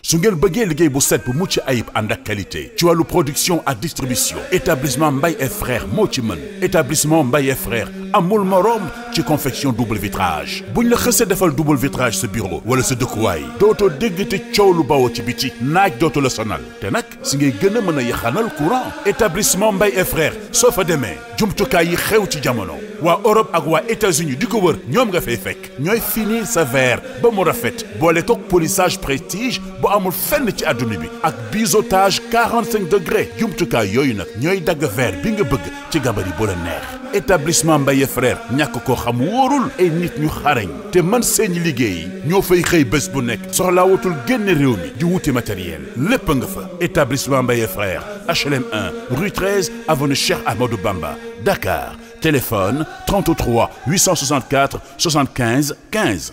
su ngeen bëggee liggéey bu set bu mucc ayib ànd ak ci wàllu production ak distribution établissement mbay et frères moo ci mën établissement Mbaye et frères amul morom ci confection double bu ñu la xësee defal double vitrage sa bureau wala sa dëkkuwaay dootoo dégg te coow lu bawoo ci biti naaj dootu la sonal te nag si ngay gën a mën a yaxanal courant établissement Mbaye et frères soo fa demee jumtukaay yi xew ci jamono waa Europe ak waa États-Unis di ko wër ñoom nga fay fekk ñooy finir sa ba mu rafet boole koog polissage bu amul fenn ci adduna bi ak biseautage 45 degré jumtukaay yooyu nag ñooy dagg verre bi nga bëgg ci gabari bu la neex. établissement Mbaye frère ñàkk koo xam wóorul ay nit ñu xarañ te man seeni liggéey ñoo fay xëy bés bu nekk soxlaa watul génn réew mi di wuti matériel lépp nga fa établissement Mbaye frère HLM 1 rue 13 avenue Cheikh Amadou Bamba Dakar téléphone 33 864 75 15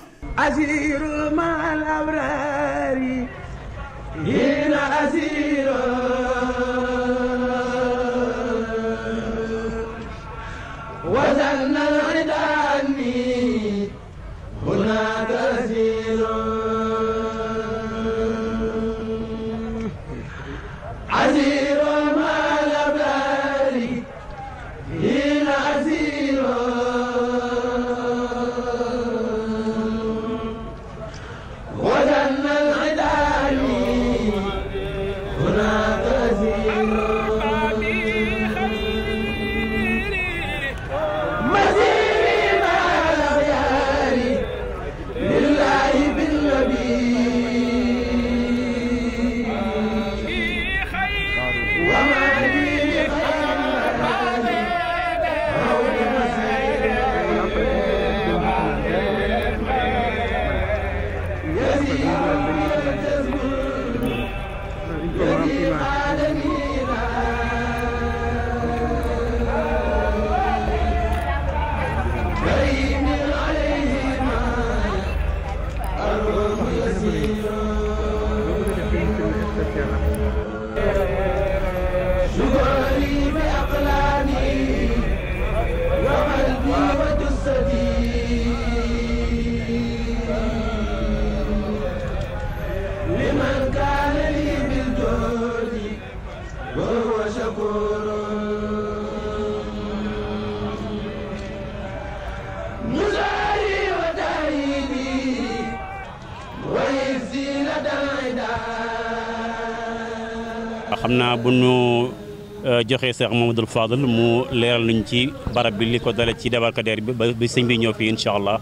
joxe Cheikh Mamadou Fadal mu leeral nañ ci barab bi li ko dale ci débarcadère bi ba bi sëñ bi ñëw fii incha allah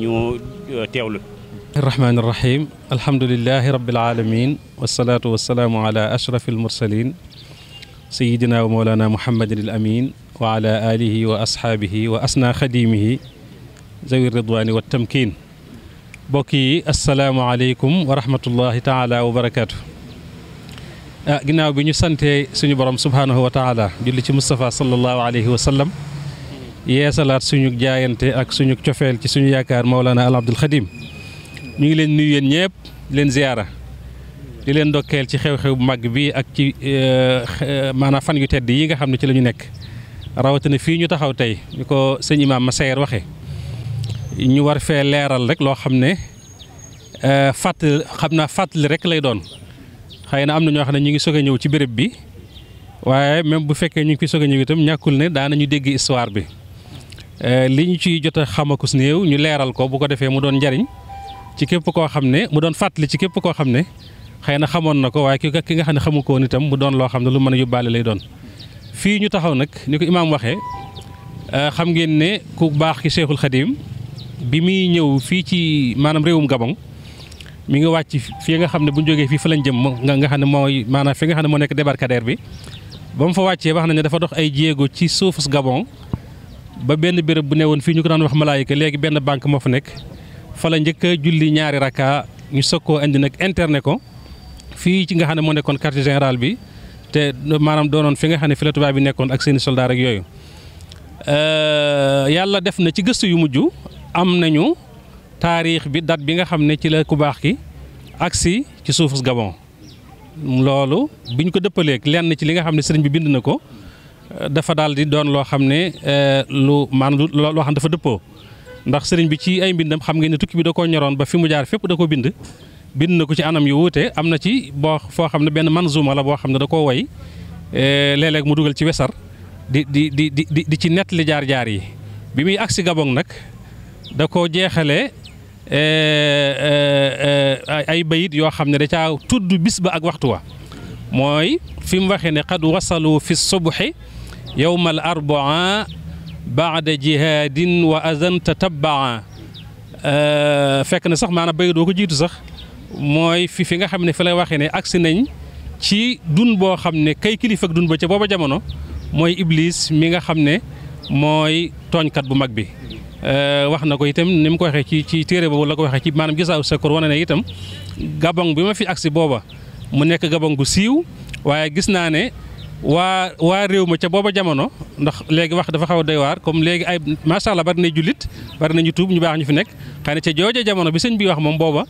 ñu euh, teewlu arrahmaani irrahim alhamdulilahi rabilalamin wasalaatu wasalaamu ala ashrafi almursalin sayidina wa moolana muhammadin al amin wa ala alihi wa ashaabihi wa asna xadimihi zawi ridwani wa tamkin bokk yi asalaamualeykum wa rahmatullahi taala wa barakatu ah ginnaaw bi ñu santee suñu borom subhaanahu wa taala julli ci Moustapha sallallahu alayhi wa sallam yeesalaat suñu jaayante ak suñu cofeel ci suñu yaakaar Mawlana al Abdul Xadim ñu ngi leen nuyu yéen ñëpp leen ziyaara di leen ndokkeel ci xew-xew bu màgg bi ak ci eh, maanaam fan yu tedd yi nga xam ne ci lañu nekk rawatina fii ñu taxaw tey ñu ko sëñ imaam Masayer waxe ñu war fee leeral rek loo xam ne eh, fàtt xam naa fàttali rek lay doon xëy na am na ñoo xam ne ñu ngi soog ñëw ci béréb bi waaye même bu fekkee ñu ngi fi ñëw itam ñàkkul ne daanañu dégg histoire bi euh, li ñu ciy jot a xamakus néew ñu leeral ko bu ko defee mu doon njariñ ci képp koo xam ne mu doon fàttali ci képp koo xam ne xëy na xamoon na ko waaye ki ki nga xam ne xamu ko woon itam mu doon loo xam ne lu mën a yóbbaale lay doon fii ñu taxaw nag ni ko imaam waxee euh, xam ngeen ne ku baax ki Cheikhul Khadim bi muy ñëw fii ci maanaam réewum Gabon mi ngi wàcc fii nga xam ne bu ñu jógee fii fa lañ jëm nga ne mooy maanaam fi nga xam ne moo nekk débarcadère bi ba mu fa wàccee wax nañ ne dafa dox ay jéego ci suufus Gabon ba benn béréb bu ne woon fii ñu ko daan wax malaayika léegi benn banque moo fa nekk fa la njëkk a julli ñaari rakka ñu soog koo indi nag internet ko fii ci nga xam ne moo nekkoon quartier général bi te maanaam doonoon fi nga xam ne fi tubaab bi nekkoon ak seeni soldat ak yooyu euh, yàlla def na ci gëstu yu mujj am nañu. taarix bi dat bi nga xam ne ci la ku baax ki agsi ci suufus Gabon loolu biñ ko dëppaleek lenn ci li nga xam ne sëriñ bi bind na ko dafa daal di doon loo xam ne eh, lu maanaam loo xam dafa dëppoo ndax sëriñ bi ci ay mbindam xam ngeen ne tukki bi da koo ñoroon ba fi mu jaar fépp da ko bind bind na ko ci anam yu wuute am na ci boo foo xam ne benn manzuma la boo xam ne da koo woy eh, léeg-léeg mu dugal ci wesar di di di di di ci nett li jaar-jaar yi bi muy agsi Gabon nag da Eh, eh, eh, ay bayit yoo xam ne da caa tudd bis ba ak waxtu wa mooy fi mu waxee ne qad wasalu fi subhi yowma al arbaa baada jihaadin wa azan tatabaa fekk na sax maanaam bayit doo ko jiitu sax mooy fi fi nga xam ne fi lay waxee ne agsi nañ ci dun boo xam ne kay kilifa ak dun ba ca booba jamono mooy iblis mi nga xam ne mooy tooñkat bu mag bi Euh, wax na ko itam ni mu ko waxee ci ci téere boobu la ko waxee ci maanaam gisaaw sakkoor wane ne itam gabon bi ma fi agsi booba mu nekk gabon gu siiw waaye gis naa ne waa waa réew ma ca booba jamono ndax léegi wax dafa xaw a doy waar comme léegi ay macha allah bari na jullit bari na ñu tuub ñu baax ñu fi nekk xëy na ca jooja jamono bi sëñ bi wax moom booba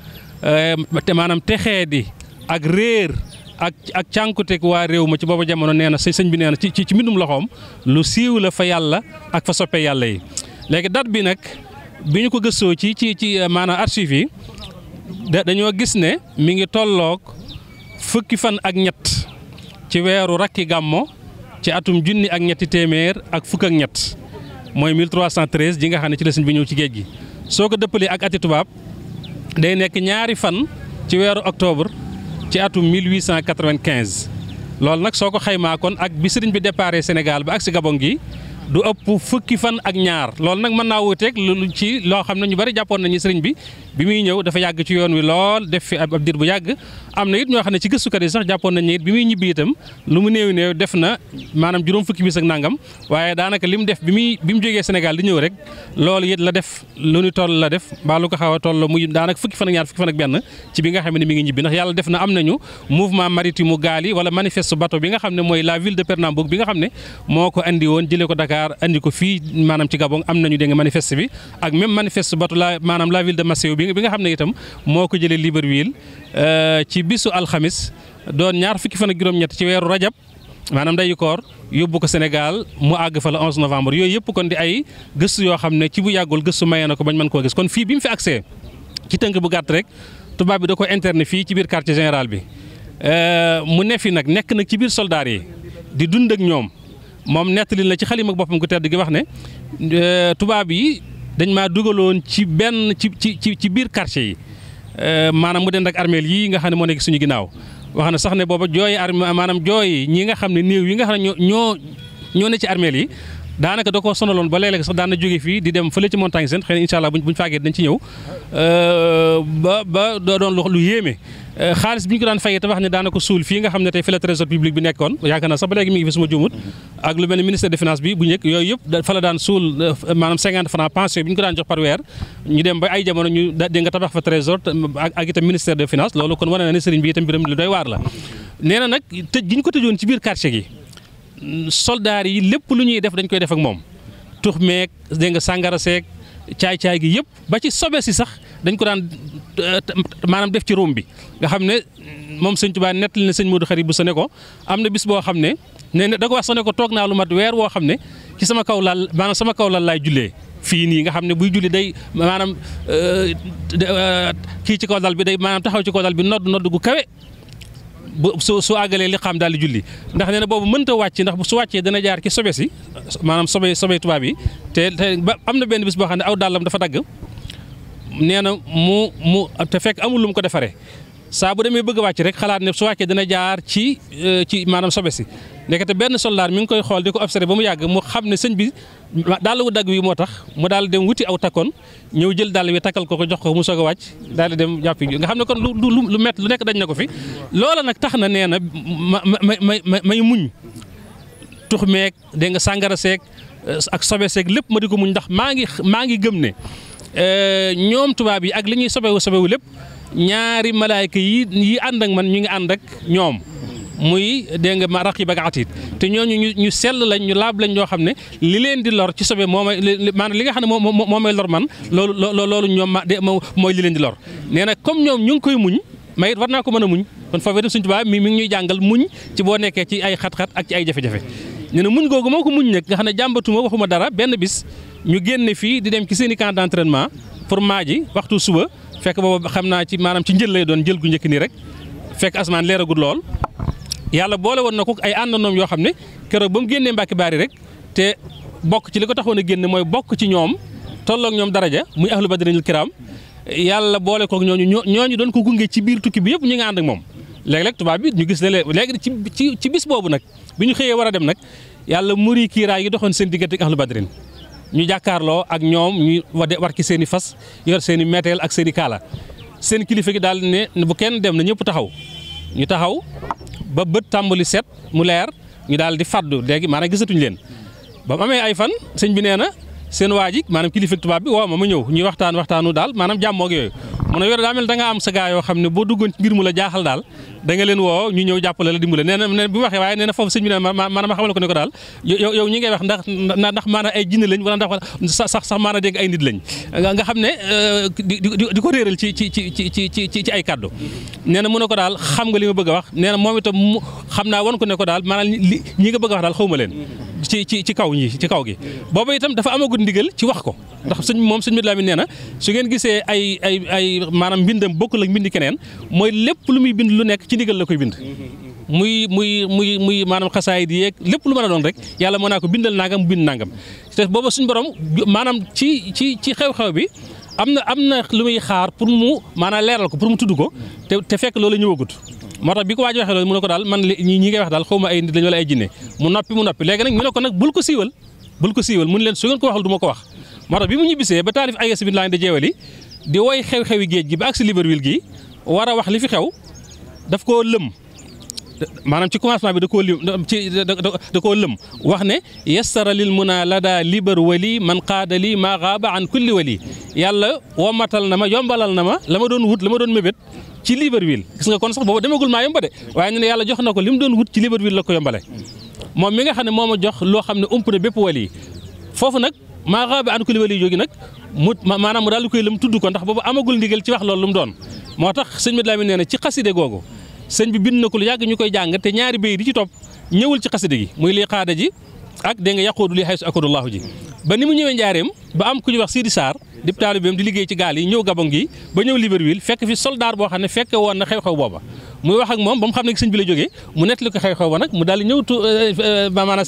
euh, te maanaam texee di ak réer ak ak cànkuteeg waa réew ma ci booba jamono nee na sëñ bi nee na ci ci mbindum loxoom lu siiw la fa yàlla ak fa yàlla yi. léegi date bi nag bi ñu ko gëstoo ci ci ci euh, maanaam archive yi dañoo gis ne mi ngi tolloog fukki fan ak ñett ci weeru rakki gàmmo ci atum junni ak ñetti téeméer ak fukk ak ñett mooy 1313 ji nga xam ne ci la bi ñëw ci géej gi soo ko dëppalee ak ati tubaab day nekk ñaari fan ci weeru octobre ci atum 1895 loolu nag soo ko xaymaa kon ak bi sëriñ bi déparé Sénégal ba ak si Gabon gi du ëpp fukki fan ak ñaar lool nag mën naa wuuteeg lu ci loo xam ne ñu bari jàppoon nañu sëriñ bi bi muy ñëw dafa yàgg ci yoon wi lool def fi ab diir bu yàgg am na it ñoo xam ne ci gëstukat yi sax jàppoon nañu it bi muy ñibbi itam def na maanaam juróom fukki bis ak nangam waaye daanaka li mu def bi muy bi mu jógee Sénégal di ñëw rek loolu la def lu ñu toll la def mbaa lu a daanaka fukki fan ak ñaar fukki fan ak benn ci bi nga xam ne mi ngi ñibbi ndax yàlla def na am nañu mouvement maritime mu gaal yi wala bi nga xam ne mooy la ville de Pernambouc bi nga xam ne moo ko andi woon jëlee ko Dakar Dakar andi ko fii maanaam ci Gabon am nañu dégg nga manifeste bi ak même manifeste batu la maanaam la ville de Masséou bi nga xam ne itam moo ko jëlee Libreville euh, ci bisu alxamis doon ñaar fukki fan ak juróom-ñett ci weeru rajab maanaam day koor yóbbu ko Sénégal mu àgg fa la 11 novembre yooyu yëpp kon di ay gëstu yoo xam ne ci bu yàggul gëstu maye na ko bañ man koo gis kon fii bi mu fi accès ci tënk bu gàtt rek tubaab bi da ko interne fii ci biir quartier général bi euh, mu ne fi nag nekk nag ci biir soldats yi di dund ak ñoom moom nettali la ci xalima boppam gu di gi wax ne euh, tubaab yi dañ maa dugaloon ci benn ci ci ci biir quartier yi euh, maanaam mu dend ak armeel yii nga xam ne moo nekk suñu ginnaaw wax na sax ne booba jooy arme maanaam jooy ñi nga xam ne néew yi nga xam ne ñoo ñoo ne ci armeel yi daanaka da koo sonaloon ba léeg-léeg sax daan na jóge fii di dem fële ci montagne seen xëy na incha allah buñ buñ faagee dañ ci ñëw euh, ba ba doo doon lu yéeme. xaalis bi ñu ko daan fayee tabax ne daana ko suul fii nga xam ne tey fi trésor public bi nekkoon yaakaar naa sax ba léegi mi ngi fi suma juumut ak lu mel ne ministère des bi bu njëkk euh, ko daan jox par weer ñu dem ba ay jamono ñu di nga tabax fa trésor mm, ak itam ministère des finances loolu kon wane na ne sëriñ bi itam mbiram lu doy waar la nee nag tëj gi ñu ko tëjoon ci biir quartier gi mm, soldaar yi lépp lu ñuy def dañ koy def moom tux meeg dégg sàngara dañ ko daan euh, maanaam def ci róom bi nga xam ne moom sëñ Tuubaa nettali na sëñ Modou Xari bu sa ne ko am na bis boo xam ne nee na da ko wax sa ne ko toog naa lu mat weer woo xam ne ci sama kaw laal maanaam sama kaw laal laay jullee fii nii nga xam ne buy julli day maanaam euh, euh, kii ci kaw dal bi day maanaam taxaw ci kaw dal bi nodd nodd gu kawe bu su su àggalee li xam daal di ndax nee na boobu mënta wàcc ndax su wàccee dana jaar ci sobe si maanaam sobe sobe tubaab yi te ba am na benn bis boo xam ne aw dàllam dafa dagg nee na mu mu te fekk amul lu mu ko defaree saa bu demee bëgg wàcc rek xalaat ne su wàccee dana jaar ci euh, ci maanaam sobe si te benn soldaar mi ngi koy xool di ko observé ba mu yàgg mu xam ne sëñ bi daal wu dagg wi moo tax mu daal dem wuti aw takkoon ñëw jël dàll wi takkal ko ko jox ko mu soog a wàcc daal dem dem jàppi nga xam ne kon lu lu lu mett lu nekk dañ na ko fi loola nag tax na nee na ma may muñ tux meeg dégg nga sàngara seeg Euh, ak sobe seeg lépp ma di ko muñ ndax maa ngi maa ngi gëm ne euh, ñoom tubaab yi ak li ñuy sobewu sobewu lépp ñaari malaayka yi yi ànd ak man ñu ngi ànd ak ñoom muy dégg nga ma raqiib ak atiid te ñooñu ñu ñu sell lañ laab lañ ñoo xam ne li leen di lor ci sobe moo may li nga xam ne moo moo may lor man loolu loolu ñoom ma de mooy li leen di lor nee na comme ñoom ñu ngi koy muñ may it war naa ko mën a muñ kon foofee dem suñ tubaab mii mi ngi ñuy jàngal muñ ci boo nekkee ci ay xat-xat ak ci ay jafe-jafe. nee na muñ googu moo ko muñ nag nga xam ne jàmbatuma waxuma dara benn bis ñu génne fii di dem ci seen i camp d'entraînement pour maaji waxtu suba fekk booba xam naa ci maanaam ci njël lay doon jël gu njëkk nii rek fekk asmaan leeragu lool yàlla boole woon na ko ay àndandoom yoo xam ne keroog ba mu génnee mbàkki baari rek te bokk ci li ko taxoon a génne mooy bokk ci ñoom tolloog ñoom daraja muy ahlu badrinil kiram yàlla boole koog ñooñu ñooñu doon ko gunge ci biir bi yëpp ñu ngi ànd moom léeg-léeg tubaab bi ñu gis ne léegi ci ci ci bis boobu nag bi ñu xëyee war a dem nag yàlla muri kiiraay yi doxoon seen diggante ak ahlu badrin ñu jàkkaarloo ak ñoom ñu wade war ki seen i fas yor seen i méteel ak seeni i kaala seen kilifa gi daal ne bu kenn dem na ñëpp taxaw ñu taxaw ba bët tàmbali set mu leer ñu daal di fàddu léegi maanaam gisatuñu leen ba mu amee ay fan sëñ bi nee na seen waa ji maanaam kilifa tubaab bi woo ma ma ñëw ñuy waxtaan waxtaanu daal maanaam jàmm ak yooyu mu ne yore daa mel da ngaa am sa gaa yoo xam ne boo duggoon ci mbir mu la jaaxal daal da nga leen woo ñu ñëw jàppale la dimbale nee na bu waxee waaye nee na foofu sëñ bi ne maanaam ma xamal ay jinne lañ wala nga xam ne euh, di ko réeral ci ci ci ci ci ci ay kàddu nee na mu ne ko daal xam nga li ma a wax nee na moom itam xam naa wan ko ne ko daal maanaam li ñi nga bëgg a wax daal xawma leen ci ci ci kaw ñi ci kaw gi booba itam dafa amagul ndigal ci wax ko ndax sëñ moom sëñ Mate Lamine nee na su ngeen gisee ay ay ay maanaam mbindam bokkul ak mbindi keneen mooy lépp lu muy bind lu nekk ci ndigal la koy bind. muy muy muy muy maanaam xasaay di yeeg lépp lu mën a doon rek yàlla moo naa ko bindal nangam bind nangam te booba suñu borom maanaam ci ci ci xew-xew bi am na am na lu muy xaar pour mu maanaam leeral ko pour mu tudd ko te te fekk loolu ñëwagut. moo tax bi ko waaj waxee loolu mu ne ko daal man ñi ñi ngay wax daal xaw ma ay nit lañ wala ay jinne mu noppi mu noppi léegi nag ñu ne ko nag ko siiwal leen su ngeen ko ko wax moo tax bi mu ñibbisee ba taalif ay sibin laa ngi da jeewal yi di woy xew-xewi géej gi ba ak si Libreville gi war a wax li fi xew daf koo lëm maanaam ci commencement bi da koo lim ci da koo lëm wax ne yastara lil la daa libar wali man qaada li maa xaaba an kulli wali yàlla womatal na ma yombalal na ma la ma doon wut la ma doon mébét ci Libreville gis nga kon sax booba demagul maa yomba de waaye ñu ne yàlla jox na ko li mu doon wut ci Libreville la ko yombale moom mi nga xam ne moo ma jox loo xam ne ump na bépp wali yi foofu nag maa raabi an ko li wali yi jógi nag mu maanaam mu daal di koy lem tudd ko ndax boobu amagul ndigal ci wax lool lu mu doon moo tax sëñ bi Lamin nee na ci xaside googu sëñ bi bind na ko lu yàgg ñu koy jàng te ñaari béy di ci topp ñëwul ci xaside gi muy l xaada ji ak dégg nga yàqoodu lii xaysu akadullahu ji ba ni mu ñëwee njaareem ba am ku ñu wax Sidi Sarr di taalibeem di liggéey ci gaal yi ñëw Gabon gi ba ñëw Libreville fekk fi soldaar boo xam ne fekke woon na xew-xew booba muy wax moom ba mu xam ne sëñ bi la jógee mu nettali ko xew-xew ba nag mu daal di ñëw euh, euh, maanaam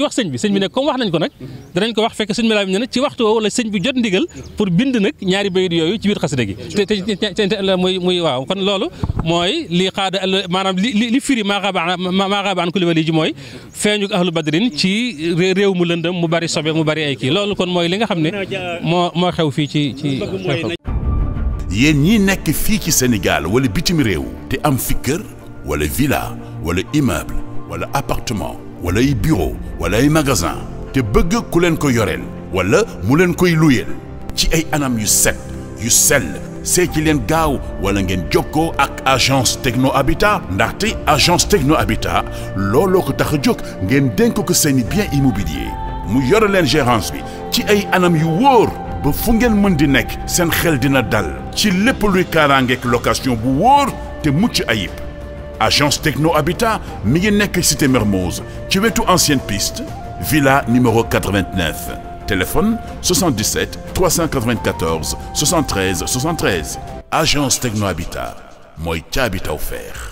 wax sëñ bi sëñ bi ne comme wax nañ ko nag danañ ko wax fekk sëñ bi laa ne la sëñ bi jot ndigal pour bind nag ñaari bayit li firi maaxaabaan maaxaabaan ku mooy feeñu ahlu badrin ci réew mu lëndëm mu bari sobe mu bari ay kii loolu kon mooy li nga xam ne moo moo xew fii ci ci xew yéen ñii nekk fii ci Sénégal wala bitim réew te am fi kër wala villa wala immeuble wala appartement wala ay bureau wala ay magasin te bëgg ku leen ko yoreen wala mu leen koy luyeel ci ay anam yu set yu sel see leen gaaw wala ngeen jóg jokkoo ak agence techno habitat ndaxte agence techno habitat looloo ko tax a jóg ngeen dénk ko seeni bien immobilier mu yore leen gérance bi ci ay anam yu wóor ba fu ngeen mën di nekk seen xel di dal ci lépp luy kaaraangeek location bu wóor te mucc ayib agence techno habitat mi ngi nekk cité Mermoz ci wetu ancienne piste villa numéro 89 téléphone 77 394 73 73 agence techno habitat mooy ca habitat offert